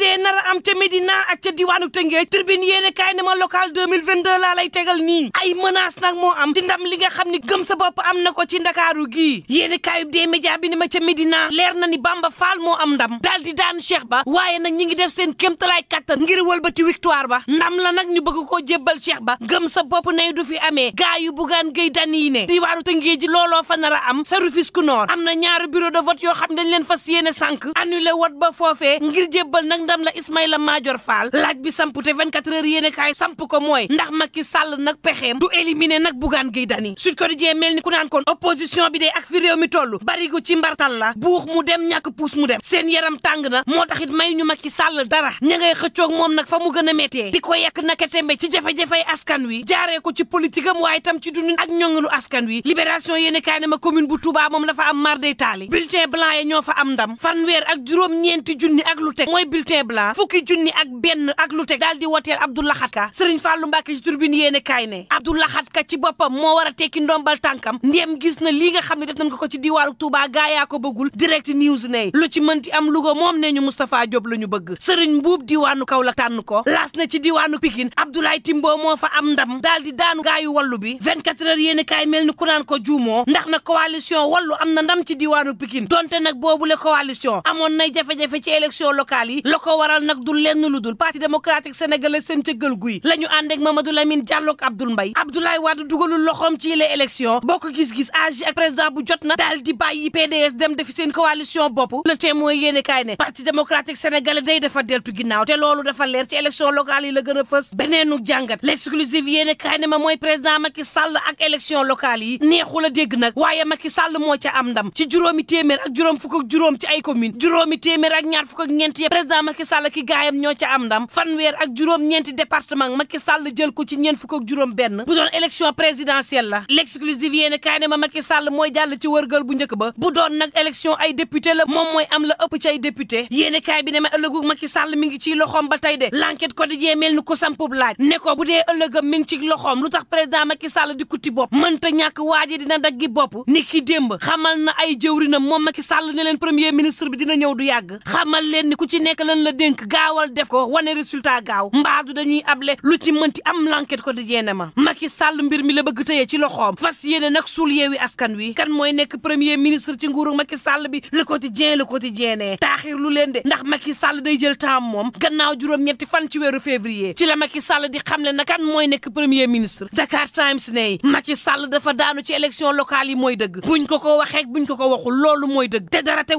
need yooyee nar a am ca Médina ak ca diwaanu Tëngéej tribune yéene kaay ne ma local 2022 laa lay tegal nii ay menace nag moo am ci ndam li nga xam ni gëm sa bopp am na ko ci ndakaaru gii yéene kaayub dee média bi ne ma Médina leer na ni Bamba Fall moo am ndam daal di daan Cheikh Ba waaye nag ñi ngi def seen kéemtalaay kattan ngir wëlbati victoire ba ndam la nag ñu bëgg koo jébbal Cheikh Ba gëm sa bopp nay du fi amee gaa yu bugaan gay dan yi ne diwaanu Tëngéej ji looloo fa nar a am sa Rufisque Nord am na ñaari bureau de vote yoo xam dañ leen fas yéene sànk annulé vote ba foofee ngir jébbal nag ndam la Ismaïla Madior Fall laaj bi sampu te 24 heures yéene kaay samp ko mooy ndax Macky Sall nag pexeem du éliminer nag Bougane Gueye Dany Sud Quotidien mel ni ku naan kon opposition bi dee ak fi réew mi toll barigo ci mbartal la buux mu dem ñàkk puus mu dem seen yaram tàng na moo tax it may ñu Macky Sall dara ña ngay xëccoog moom nag fa mu gën a méttee di ko yekk naka tembe ci jafe-jafey askan wi jaaree ko ci politique am waaye tam ci dundin ak ñongalu askan wi libération yéene kaay ne ma commune bu Touba moom la fa am mar day taali bulletin blanc yi ñoo fa am blanc fukki junni ak benn ak lu teg daal di woteel Abdou Lahad Ka Serigne Fallou Mbacké ci turbine yéene kaay ne Abdou Ka ci boppam moo war a tekki ndombal tànkam ndéem gis na lii nga xam ne def ko ci diwaaru Touba gaayaa ko bëggul direct news ne lu ci mënti am Louga moom ne ñu Moustapha Diop la ñu bëgg Serigne Mbuub diwaanu Kaolack tànn ko laas na ci diwaanu Pikine Abdoulaye Timbo moo fa am ndam daal di daanu gaayu wallu bi 24 heures yéene kaay mel ni ku naan ko juumoo ndax na coalition wallu am na ndam ci diwaanu Pikine donte nag boobu la coalition amoon nay jafe-jafe ci élection locale yi waral nag du lenn lu dul parti démocratique sénégalais seen cëggal guy la ñu ànd ak Mamadou Lamine Diallo ak Abdoul Mbaye Abdoulaye Wade dugalul loxoom ci les élections bokk gis-gis agi ak président bu jot na daal di PDS dem defi seen coalition bopp le témoin yéene kaay ne parti démocratique sénégalais day dafa deltu ginnaaw te loolu dafa leer ci élection locale yi la gën a fës beneenu jàngat l'exclusive yéene kaay ne ma mooy président Macky Sall ak élection locale yi neexu la dégg nag waaye Sall moo ca am ndam ci juróomi téeméer ak e fukk ak juróom ci ay commune juróomi téeméer ak ñaar fukk Sall ki gaayam ñoo ca am ndam fanweer ak juróom-ñeenti département Macky Sall jël ko ci ñeent fukk ak juróom benn bu doon élection présidentielle la l'exclusive yéene kaay ne ma Macky Sall mooy jàll ci wërgal bu njëkk ba bu doon nag élection ay député la moom mooy am la ëpp ci ay député yéene kaay bi ne ma ëllëgu Macky Sall mi ngi ciy loxoom ba tey de l'enquête quotidien mel ni ko sampub laaj ne ko bu dee ëllëgam mi ngi ci loxoom lu tax président Macky Sall di k bopp mënta ñàkk waaje dina daggi bopp ni ki démb xamal na ay jëwrinam moom Macky Sall ne leen premier ministre bi dina ñëw du yàgg xamal leen ni ku ci nekk lan la dénk gaawal def ko wane résultat gaaw mbaadu dañuy able lu ci mënti am l'enquête ko di jeene ma Macky Sall mbir mi la bëgg tëye ci loxoom fas yéene nag suul yeewi askan wi kan mooy nekk premier ministre ci nguuru Macky Sall bi le quotidien le quotidien ne taaxir lu leen de ndax Macky Sall day jël temps moom gannaaw juróom-ñetti fan ci weeru février ci la Macky Sall di xamle na kan mooy nekk premier ministre Dakar Times ne Macky Sall dafa daanu ci élection locale yi mooy dëgg buñ ko ko waxee buñ ko ko waxul loolu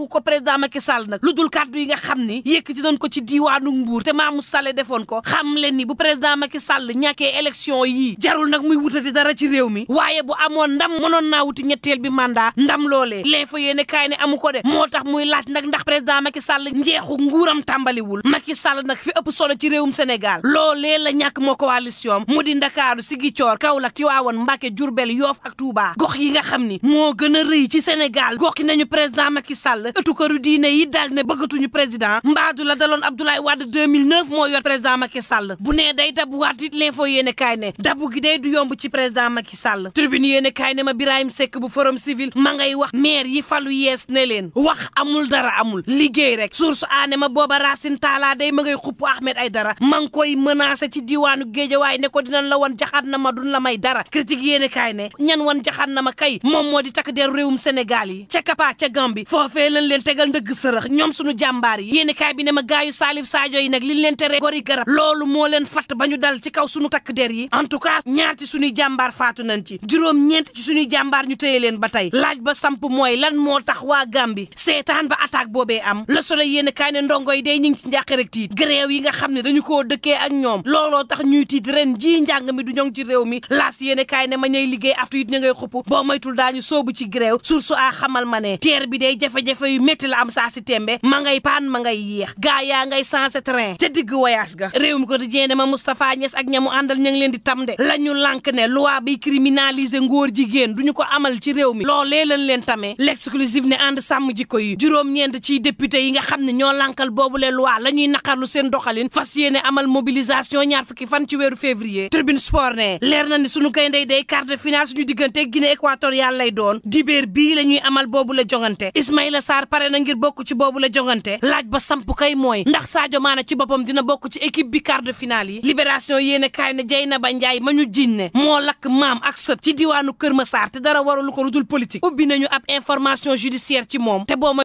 ko président Macky Sall nag lu dul kàddu yi nga xam ni yëkkati nañ ko ci diwaanu Mbuur te Mamou Salé defoon ko xam leen ni bu président Macky Sall ñàkkee élection yii jarul nag muy wutati dara ci réew mi waaye bu amoon ndam mënoon naa wuti ñetteel bi mandat ndam loolee l'info yéene kaay amu ko de moo tax muy laaj nag ndax président Sall njeexu nguuram tàmbaliwul Macky Sall nag fi ëpp solo ci réewum Sénégal loolee la ñàkk moo coalition mu di Ndakaaru Sigicoor Kaolack Tiwaawan Mbàkke Jurbel Yoof ak Touba gox yi nga xam ni moo gën a rëy ci Sénégal gox nañu président Macky Sall ëttu këru diine yi dal ne bëggatuñu président mbaadu la daloon Abdoulaye Wade 2009 moo yor président Macky Sall bu nee day dabuwaat it l'info yéene kaay dabu gi day du yomb ci président Macky Sall tribune yéene kaay ne ma Birahim Seck bu forum civil ma ngay wax maire yi falu yees ne leen wax amul dara amul liggéey rek source aane ma booba Racine Talla day ma ngay xupp Ahmed Aïdara ma ngi koy menacé ci diiwaanu waay ne ko dinañ la wan jaxaat na ma duñ la may dara critique yéene kaay ne ñan wan jaxaat na ma kay moom moo di takk deru réewum Sénégal yi ca Kapa ca Gambie foofee lañ leen tegal ndëgg sërëx ñoom suñu jàmbaar yi yéene kaay bi gaay yu Salif Sadio yi nag liñ leen tere i garab loolu moo leen fatt ba ñu dal ci kaw suñu takk der yi en tout cas ñaar ci suñuy jàmbaar faatu nañ ci juróom ñeent ci suñuy jàmbaar ñu téye leen ba tey laaj ba samp mooy lan moo tax waa gàmbi seetaan ba attaque boobe am la soleil yéen kaay ndongo yi dey ñu ngi ci njàq rek tiit gréew yi nga xam ne dañu koo dëkkee ak ñoom looloo tax ñuy tiit ren ji njàng mi du ñoŋ ci réew mi laas yéen kaay ma ñay liggéey aftu it ña ngay boo maytul daañu soobu ci gréew sursu a xamal ma ne teer bi day jafe yu métti la am saa si tembe ma ngay paan ma ngay yéex yaa ngay sensé train ca digg wayaas ga réew mi ko di jeene ma Moustapha Niass ak ñamu àndal ña ngi leen di tam de la ñu lànk ne loi bi criminaliser ngóor jigéen duñu ko amal ci réew mi loolee lañ leen tamee l'exclusive ne ànd sàmm jikko yi juróom-ñeent ci député yi nga xam ne ñoo lankal boobu boobule loi la ñuy naqarlu seen doxalin fas yéene amal mobilisation ñaar fukki fan ci weeru février tribune sport ne leer na ni suñu gayndey day quart de finale diggante Guinée équatoriale lay doon dibéer bii la ñuy amal boobu la jongante Ismaïla Sarr pare na ngir bokk ci boobu la jongante laaj ba samp kay mooy ni ndax Sadio Mané ci boppam dina bokk ci équipe bi quart de finale yi libération yéene kaay ne Dieynaba Ndiaye ma ñu jiñ moo lakk maam ak sët ci diwaanu Kër Massar te dara waralu ko lu dul politique ubbi nañu ab information judiciaire ci moom te boo ma